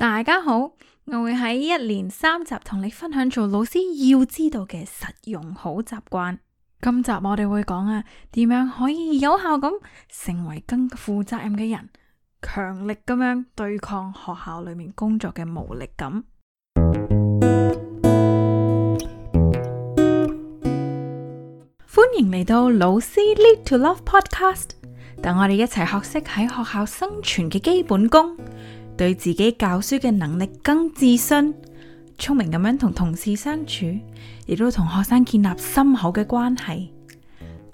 大家好，我會喺一連三集同你分享做老師要知道嘅實用好習慣。今集我哋會講啊，點樣可以有效咁成為更負責任嘅人，強力咁樣對抗學校裏面工作嘅無力感。歡迎嚟到老師 Lead to Love Podcast，等我哋一齊學識喺學校生存嘅基本功。對自己教書嘅能力更自信，聰明咁樣同同事相處，亦都同學生建立深厚嘅關係。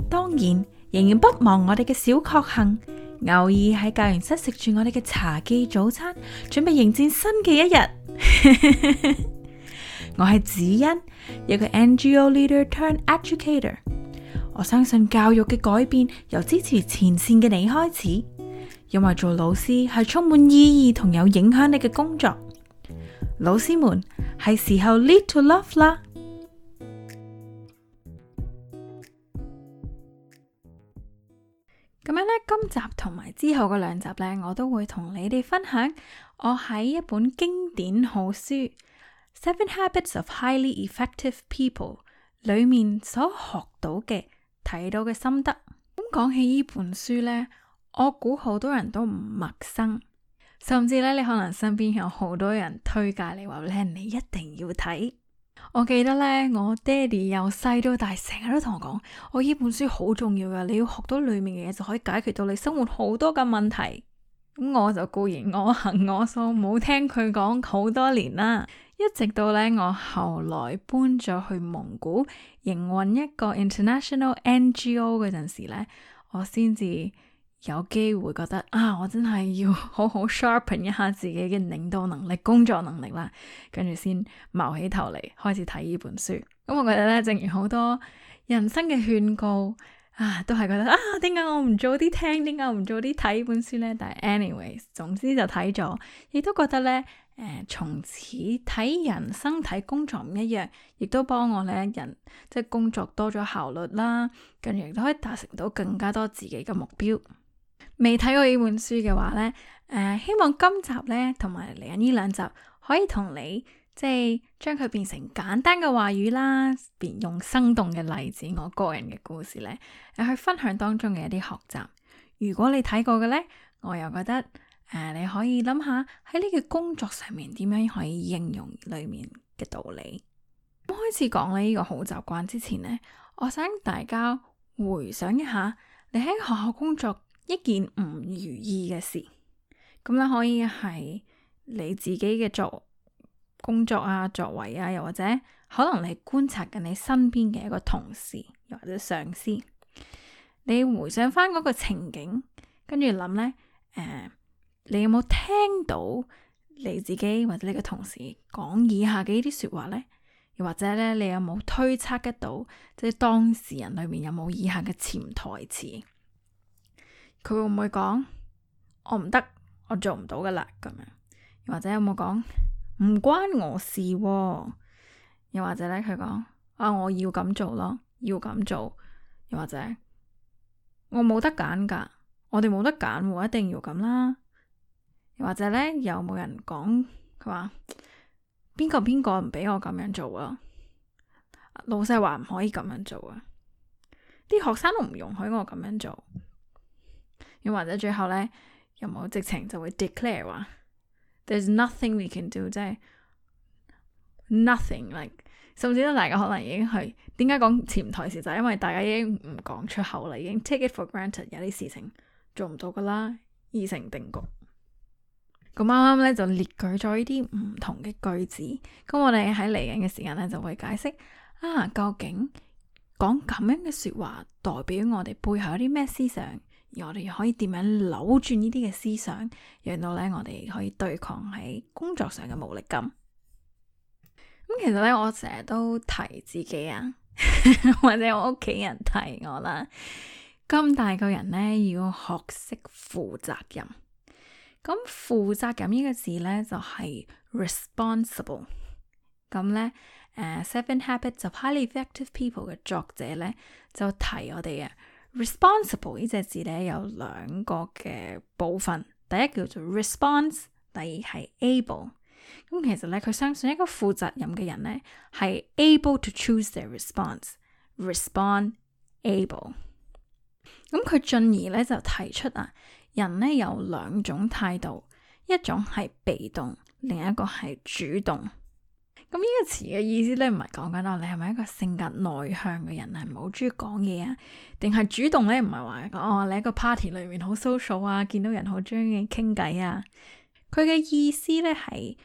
當然，仍然不忘我哋嘅小確幸，偶爾喺教員室食住我哋嘅茶記早餐，準備迎戰新嘅一日。 我係子欣，一個 NGO leader turned educator。我相信教育嘅改變由支持前線嘅你開始。因為做老師係充滿意義同有影響力嘅工作，老師們係時候 lead to love 啦。咁樣呢，今集同埋之後嘅兩集呢，我都會同你哋分享我喺一本經典好書《Seven Habits of Highly Effective People》裏面所學到嘅、睇到嘅心得。咁講起呢本書呢。我估好多人都唔陌生，甚至咧，你可能身邊有好多人推介你話咧，你一定要睇。我記得咧，我爹哋由細到大成日都同我講，我呢本書好重要㗎，你要學到裏面嘅嘢就可以解決到你生活好多嘅問題。咁我就固然我行我素，冇聽佢講好多年啦。一直到咧，我後來搬咗去蒙古，營運一個 international NGO 嗰陣時咧，我先至。有機會覺得啊，我真係要好好 sharpen 一下自己嘅領導能力、工作能力啦，跟住，先冒起頭嚟開始睇呢本書。咁我覺得咧，正如好多人生嘅勸告啊，都係覺得啊，點解我唔早啲聽，點解我唔早啲睇呢本書咧？但係 anyways，總之就睇咗，亦都覺得咧，誒、呃，從此睇人生、睇工作唔一樣，亦都幫我咧人即係工作多咗效率啦，跟住亦都可以達成到更加多自己嘅目標。未睇過呢本書嘅話呢，誒、呃，希望今集呢同埋嚟緊呢兩集可以同你即係、就是、將佢變成簡單嘅話語啦，別用生動嘅例子，我個人嘅故事呢，去分享當中嘅一啲學習。如果你睇過嘅呢，我又覺得誒、呃，你可以諗下喺呢個工作上面點樣可以應用裏面嘅道理。開始講呢個好習慣之前呢，我想大家回想一下，你喺學校工作一件唔如意嘅事，咁咧可以係你自己嘅作工作啊、作為啊，又或者可能你觀察緊你身邊嘅一個同事，又或者上司，你回想翻嗰個情景，跟住諗呢：誒、呃，你有冇聽到你自己或者你個同事講以下嘅呢啲說話呢？又或者咧，你有冇推測得到，即係、就是、當事人裏面有冇以下嘅潛台詞？佢會唔會講，我唔得，我做唔到噶啦？咁樣，又或者有冇講唔關我事？又或者咧，佢講、哦、啊，我要咁做咯，要咁做。又或者我冇得揀噶，我哋冇得揀，我一定要咁啦。又或者咧，有冇人講佢話邊個邊個唔俾我咁樣做啊？老細話唔可以咁樣做啊！啲學生都唔容許我咁樣做。又或者最後呢，又有冇直情就會 declare 話，There's nothing we can do，即係、就是、nothing like，甚至呢，大家可能已經係點解講前台時就係、是、因為大家已經唔講出口啦，已經 take it for granted 有啲事情做唔到噶啦，已成定局。咁啱啱呢，就列舉咗呢啲唔同嘅句子，咁我哋喺嚟緊嘅時間呢，就會解釋啊，究竟講咁樣嘅説話代表我哋背後有啲咩思想？我哋可以點樣扭轉呢啲嘅思想，讓到咧我哋可以對抗喺工作上嘅無力感。咁其實咧，我成日都提自己啊， 或者我屋企人提我啦。咁大個人咧，要學識負責任。咁負責任呢個字咧，就係 responsible。咁咧，誒、uh，Seven Habits of Highly Effective People 嘅作者咧，就提我哋啊。Responsible 呢隻字咧，有兩個嘅部分，第一叫做 response，第二係 able。咁其實咧，佢相信一個負責任嘅人咧，係 able to choose their response，respond able。咁佢進而咧就提出啊，人咧有兩種態度，一種係被動，另一個係主動。咁呢個詞嘅意思咧，唔係講緊哦，你係咪一個性格內向嘅人，係唔好中意講嘢啊？定係主動咧，唔係話哦，你喺個 party 裏面好 social 啊，見到人好中意傾偈啊？佢嘅意思咧係，誒、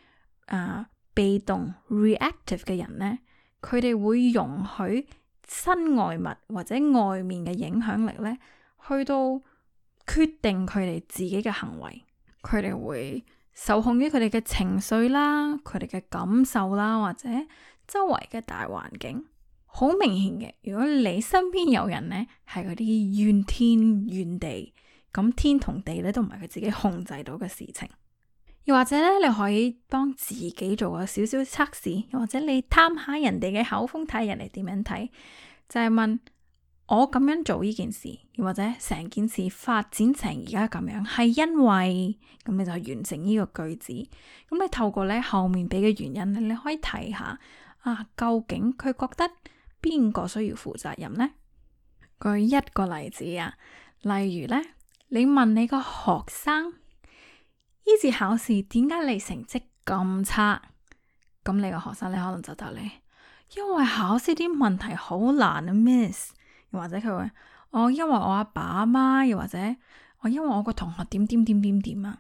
呃，被動 reactive 嘅人咧，佢哋會容許身外物或者外面嘅影響力咧，去到決定佢哋自己嘅行為，佢哋會，受控於佢哋嘅情緒啦，佢哋嘅感受啦，或者周圍嘅大環境，好明顯嘅。如果你身邊有人呢，係嗰啲怨天怨地，咁天同地咧都唔係佢自己控制到嘅事情。又或者咧，你可以幫自己做個少少測試，又或者你探下人哋嘅口風，睇人哋點樣睇，就係問。我咁樣做呢件事，或者成件事發展成而家咁樣，係因為咁，你就完成呢個句子。咁你透過呢，後面俾嘅原因，你可以睇下啊，究竟佢覺得邊個需要負責任呢？舉一個例子啊，例如呢：你問你個學生，呢次考試點解你成績咁差？咁你個學生你可能就答你，因為考試啲問題好難啊，Miss。或者佢會，我、哦、因為我阿爸阿媽，又或者我因為我個同學點點點點點啊，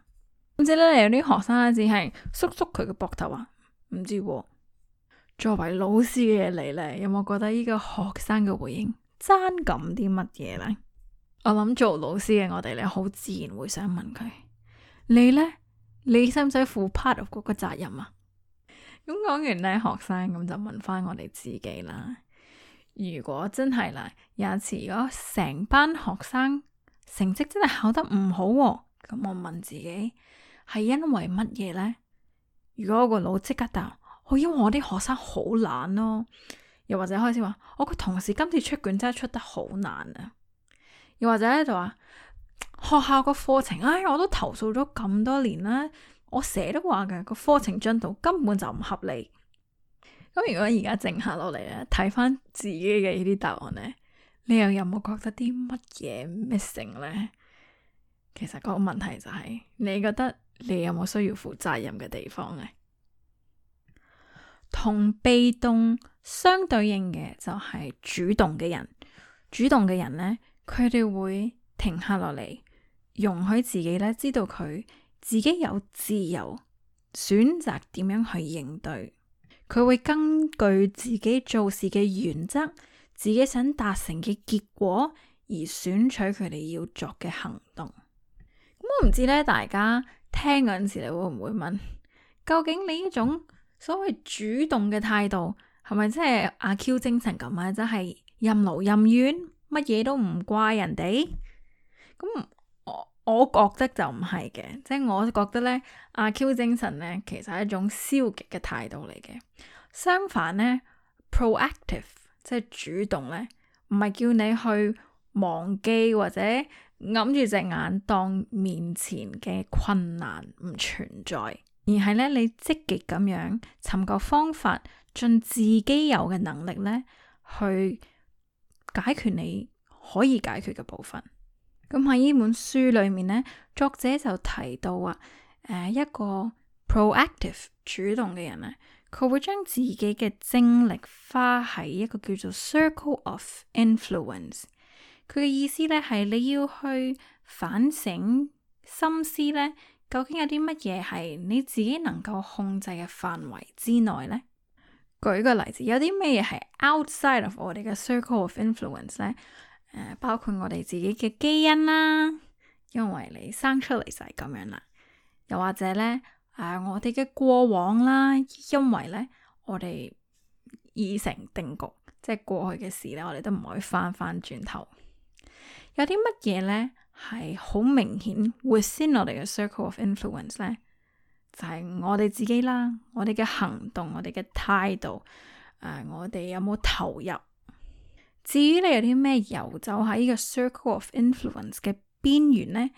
咁即係咧，有啲學生只係縮縮佢嘅膊頭啊，唔知。作為老師嘅你咧，有冇覺得依個學生嘅回應爭咁啲乜嘢咧？我諗做老師嘅我哋咧，好自然會想問佢，你咧，你使唔使負 part of 嗰個責任啊？咁講完咧，學生咁就問翻我哋自己啦。如果真係啦，有次如果成班學生成績真係考得唔好，啊，咁我問自己係因為乜嘢呢？如果我個腦即刻答，我、哦、因為我啲學生好懶咯，又或者開始話我個同事今次出卷真係出得好難啊，又或者就話學校個課程唉，哎，我都投訴咗咁多年啦，我成日都話嘅個課程進度根本就唔合理。咁如果而家靜下落嚟咧，睇返自己嘅呢啲答案咧，你又有冇覺得啲乜嘢 missing 咧？其實個問題就係，你覺得你有冇需要負責任嘅地方咧？同被動相對應嘅就係主動嘅人，主動嘅人咧，佢哋會停下落嚟，容許自己咧，知道佢自己有自由選擇點樣去應對。佢會根據自己做事嘅原則，自己想達成嘅結果，而選取佢哋要作嘅行動。咁我唔知咧，大家聽嗰陣時，你會唔會問？究竟你呢種所謂主動嘅態度，係咪真係阿 Q 精神咁啊？真係任勞任怨，乜嘢都唔怪人哋？咁、嗯。我覺得就唔係嘅，即係我覺得呢，阿 Q 精神呢，其實係一種消極嘅態度嚟嘅。相反呢，proactive，即係主動呢，唔係叫你去忘記或者揞住隻眼當面前嘅困難唔存在，而係呢，你積極咁樣尋求方法，盡自己有嘅能力呢，去解決你可以解決嘅部分。咁喺呢本書裏面呢，作者就提到啊，誒、呃、一個 proactive 主動嘅人啊，佢會將自己嘅精力花喺一個叫做 circle of influence。佢嘅意思呢，係你要去反省心思呢，究竟有啲乜嘢係你自己能夠控制嘅範圍之內呢？舉個例子，有啲乜嘢係 outside of 我哋嘅 circle of influence 呢？誒，包括我哋自己嘅基因啦、啊，因為你生出嚟就係咁樣啦。又或者咧，誒、呃，我哋嘅過往啦，因為咧，我哋已成定局，即係過去嘅事咧，我哋都唔可以翻翻轉頭。有啲乜嘢咧係好明顯 within 我哋嘅 circle of influence 咧？就係、是、我哋自己啦，我哋嘅行動，我哋嘅態度，誒、呃，我哋有冇投入？至於你有啲咩游走喺呢個 circle of influence 嘅邊緣呢，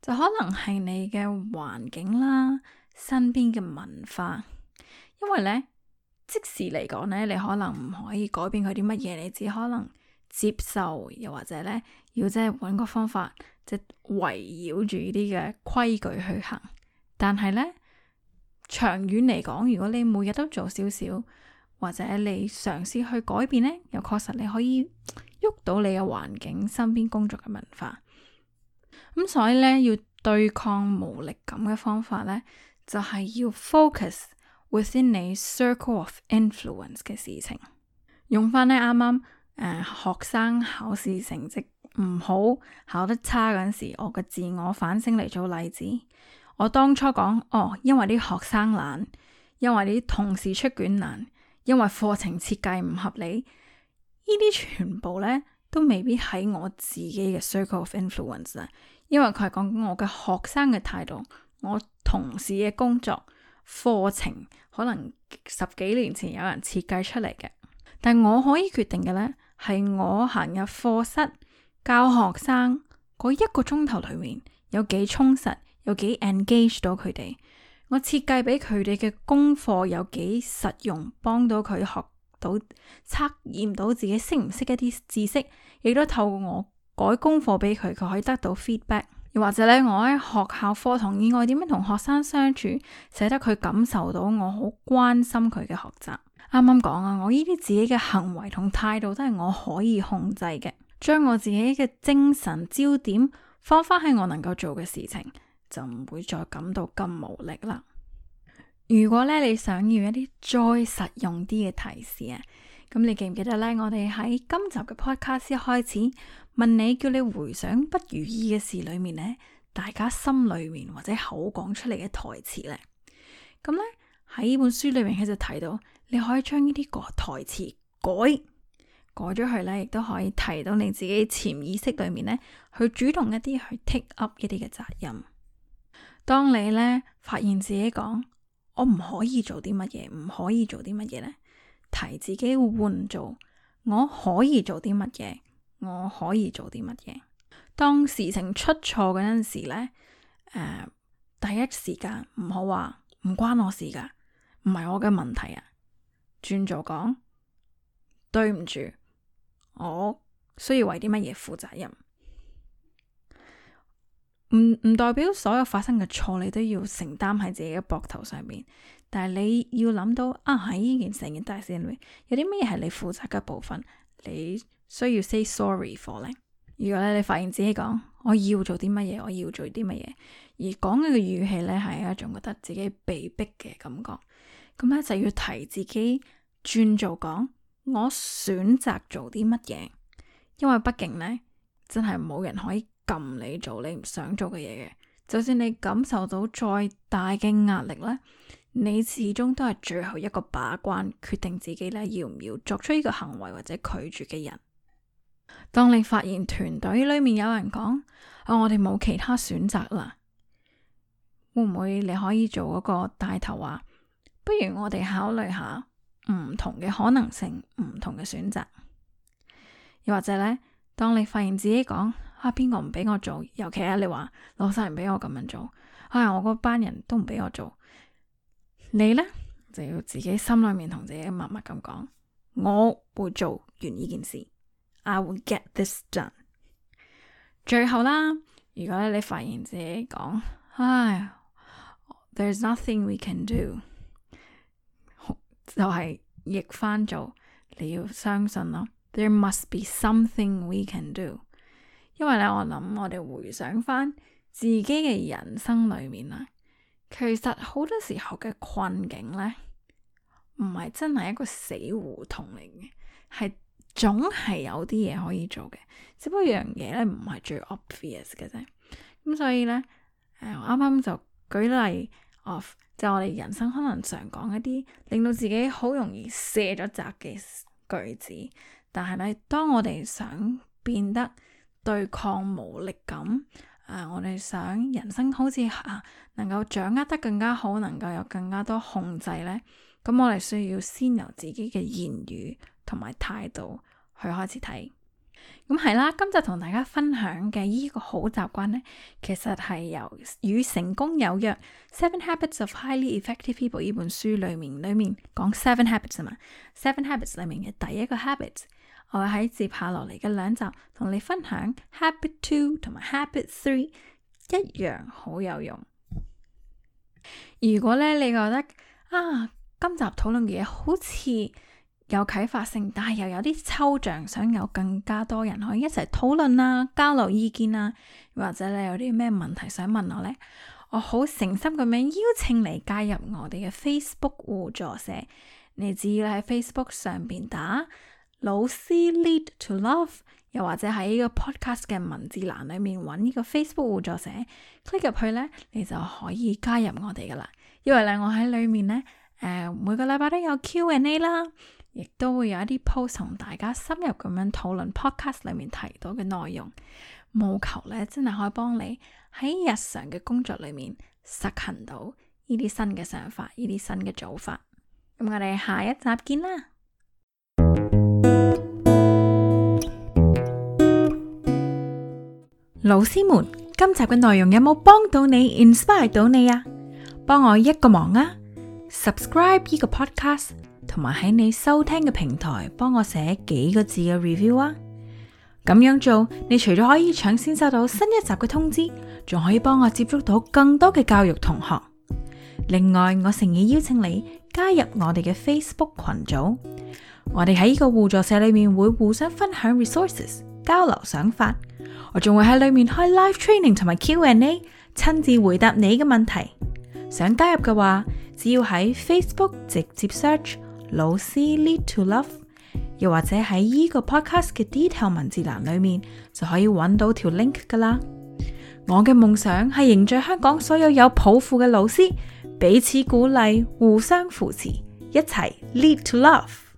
就可能係你嘅環境啦、身邊嘅文化，因為呢，即時嚟講呢，你可能唔可以改變佢啲乜嘢，你只可能接受，又或者呢，要即係揾個方法，即係、就是、圍繞住呢啲嘅規矩去行。但係呢，長遠嚟講，如果你每日都做少少。或者你嘗試去改變呢，又確實你可以喐到你嘅環境、身邊工作嘅文化。咁所以呢，要對抗無力感嘅方法呢，就係要 focus within 你 circle of influence 嘅事情。用翻呢啱啱誒，學生考試成績唔好，考得差嗰陣時，我嘅自我反省嚟做例子。我當初講哦，因為啲學生懶，因為啲同事出卷難。因為課程設計唔合理，呢啲全部呢都未必喺我自己嘅 circle of influence 啊。因為佢係講緊我嘅學生嘅態度，我同事嘅工作課程，可能十幾年前有人設計出嚟嘅。但我可以決定嘅呢係我行入課室教學生嗰一個鐘頭裏面，有幾充實，有幾 engage 到佢哋，我設計俾佢哋嘅功課有幾實用，幫到佢學到測驗到自己識唔識一啲知識，亦都透過我改功課俾佢，佢可以得到 feedback。又或者咧，我喺學校課堂以外，點樣同學生相處，使得佢感受到我好關心佢嘅學習。啱啱講啊，我呢啲自己嘅行為同態度都係我可以控制嘅，將我自己嘅精神焦點放翻喺我能夠做嘅事情。就唔會再感到咁無力啦。如果咧，你想要一啲再實用啲嘅提示啊，咁你記唔記得咧？我哋喺今集嘅 Podcast 開始問你，叫你回想不如意嘅事裏面呢，大家心裏面或者口講出嚟嘅台詞咧，咁呢，喺本書裏面佢就提到，你可以將呢啲個台詞改改咗，佢呢，亦都可以提到你自己潛意識裏面呢，去主動一啲去 take up 一啲嘅責任。當你咧發現自己講我唔可以做啲乜嘢，唔可以做啲乜嘢咧，提自己換做我可以做啲乜嘢，我可以做啲乜嘢。當事情出錯嗰陣時咧，誒、呃，第一時間唔好話唔關我事噶，唔係我嘅問題啊，轉做講對唔住，我需要為啲乜嘢負責任。唔唔代表所有發生嘅錯你都要承擔喺自己嘅膊頭上邊，但係你要諗到啊，喺呢件成件大事裏，有啲咩嘢係你負責嘅部分，你需要 say sorry for 咧。如果咧你發現自己講我要做啲乜嘢，我要做啲乜嘢，而講嘅個語氣咧係一種覺得自己被逼嘅感覺，咁咧就要提自己轉做講我選擇做啲乜嘢，因為畢竟咧真係冇人可以。撳你做你唔想做嘅嘢嘅，就算你感受到再大嘅壓力咧，你始終都係最後一個把關，決定自己咧要唔要作出呢個行為或者拒絕嘅人。當你發現團隊裏面有人講啊、哦，我哋冇其他選擇啦，會唔會你可以做嗰個帶頭話不如我哋考慮下唔同嘅可能性，唔同嘅選擇，又或者咧，當你發現自己講。啊！邊個唔俾我做？尤其啊，你話老細唔俾我咁樣做，啊、哎！我嗰班人都唔俾我做。你呢就要自己心裏面同自己默默咁講，我會做完呢件事。I will get this done。最後啦，如果你發現自己講，唉、哎，There's nothing we can do，就係、是、逆翻做，你要相信咯。There must be something we can do。因為咧，我諗我哋回想翻自己嘅人生裏面啦，其實好多時候嘅困境咧，唔係真係一個死胡同嚟嘅，係總係有啲嘢可以做嘅，只不過樣嘢咧唔係最 obvious 嘅啫。咁所以咧，誒，我啱啱就舉例，哦，就係我哋人生可能常講一啲令到自己好容易卸咗責嘅句子，但係咧，當我哋想變得。對抗無力感啊！我哋想人生好似啊，能夠掌握得更加好，能夠有更加多控制呢，咁我哋需要先由自己嘅言語同埋態度去開始睇。咁係啦，今集同大家分享嘅依個好習慣呢，其實係由與成功有約《Seven Habits of Highly Effective People》呢本書裏面，裏面講 Seven Habits 啊嘛，Seven Habits 裏面嘅第一個 Habits。我喺接下落嚟嘅兩集同你分享 habit two 同埋 habit three 一樣好有用。如果咧你覺得啊，今集討論嘅嘢好似有啟發性，但係又有啲抽象，想有更加多人可以一齊討論啊、交流意見啊，或者你有啲咩問題想問我呢，我好誠心咁樣邀請你加入我哋嘅 Facebook 互助社。你只要喺 Facebook 上邊打。老師 Lead to Love，又或者喺呢個 podcast 嘅文字欄裏面揾呢個 Facebook 互助社，click 入去呢，你就可以加入我哋噶啦。因為呢，我喺裏面呢，誒、呃，每個禮拜都有 Q&A 啦，亦都會有一啲 post 同大家深入咁樣討論 podcast 裏面提到嘅內容，務求呢，真係可以幫你喺日常嘅工作裏面實行到呢啲新嘅想法，呢啲新嘅做法。咁我哋下一集見啦。老師們，今集嘅內容有冇幫到你 inspire 到你啊？幫我一個忙啊，subscribe 呢個 podcast，同埋喺你收聽嘅平台幫我寫幾個字嘅 review 啊。咁樣做，你除咗可以搶先收到新一集嘅通知，仲可以幫我接觸到更多嘅教育同學。另外，我誠意邀請你加入我哋嘅 Facebook 群組，我哋喺呢個互助社裏面會互相分享 resources，交流想法。我仲會喺裏面開 live training 同埋 Q&A，親自回答你嘅問題。想加入嘅話，只要喺 Facebook 直接 search 老師 lead to love，又或者喺呢個 podcast 嘅 detail 文字欄裏面就可以搵到條 link 㗎喇。我嘅夢想係凝聚香港所有有抱負嘅老師，彼此鼓勵，互相扶持，一齊 lead to love。